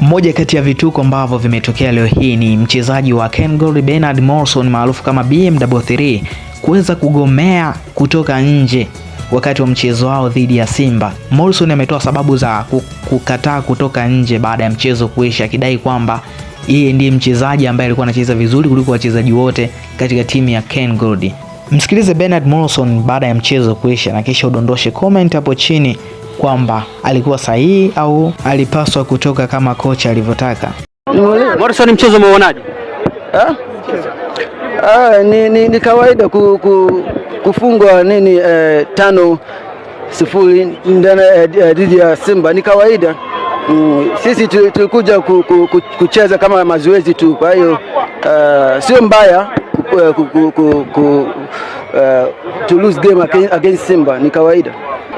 Moja kati ya vituko ambavyo vimetokea leo hii ni mchezaji wa KenGold Bernard Morrison maarufu kama bm 3 kuweza kugomea kutoka nje wakati wa mchezo wao dhidi ya Simba. Morrison ametoa sababu za kukataa kutoka nje baada ya mchezo kuisha, akidai kwamba yeye ndiye mchezaji ambaye alikuwa anacheza vizuri kuliko wachezaji wote katika timu ya KenGold. Msikilize Bernard Morrison baada ya mchezo kuisha na kisha udondoshe comment hapo chini kwamba alikuwa sahihi au alipaswa kutoka kama kocha alivyotaka. Morrison, mchezo umeonaje? Ah, ni, ni, ni kawaida ku, ku, kufungwa nini eh, tano sifuri eh, eh, dhidi ya Simba ni kawaida. Mm, sisi tulikuja ku, ku, ku, kucheza kama mazoezi tu, kwa hiyo uh, sio mbaya ku, ku, ku, ku, uh, to lose game against Simba ni kawaida.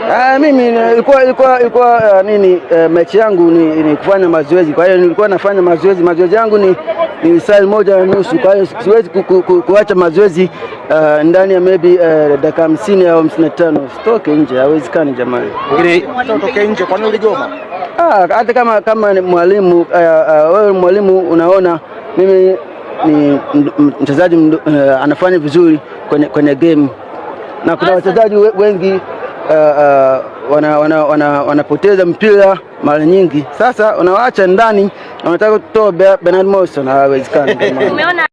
Ah, mimi eh, ilikuwa ilikuwa ilikuwa eh, nini uh, mechi yangu ni, ni kufanya mazoezi. Kwa hiyo nilikuwa nafanya mazoezi, mazoezi yangu ni ni saa moja na nusu. Kwa hiyo siwezi ku, ku, ku, kuacha mazoezi uh, ndani ya maybe uh, dakika hamsini au hamsini na tano. Sitoke nje, hawezekani jamani. Utoke nje, nini uligoma? Ah, hata kama kama ni mwalimu wewe, uh, uh, mwalimu unaona mimi ni mchezaji uh, anafanya vizuri kwenye, kwenye game na kuna wachezaji wengi uh, wana, wana, wana, wanapoteza mpira mara nyingi. Sasa unawaacha ndani, wanataka kutoa Bernard Morrison, hawezekani.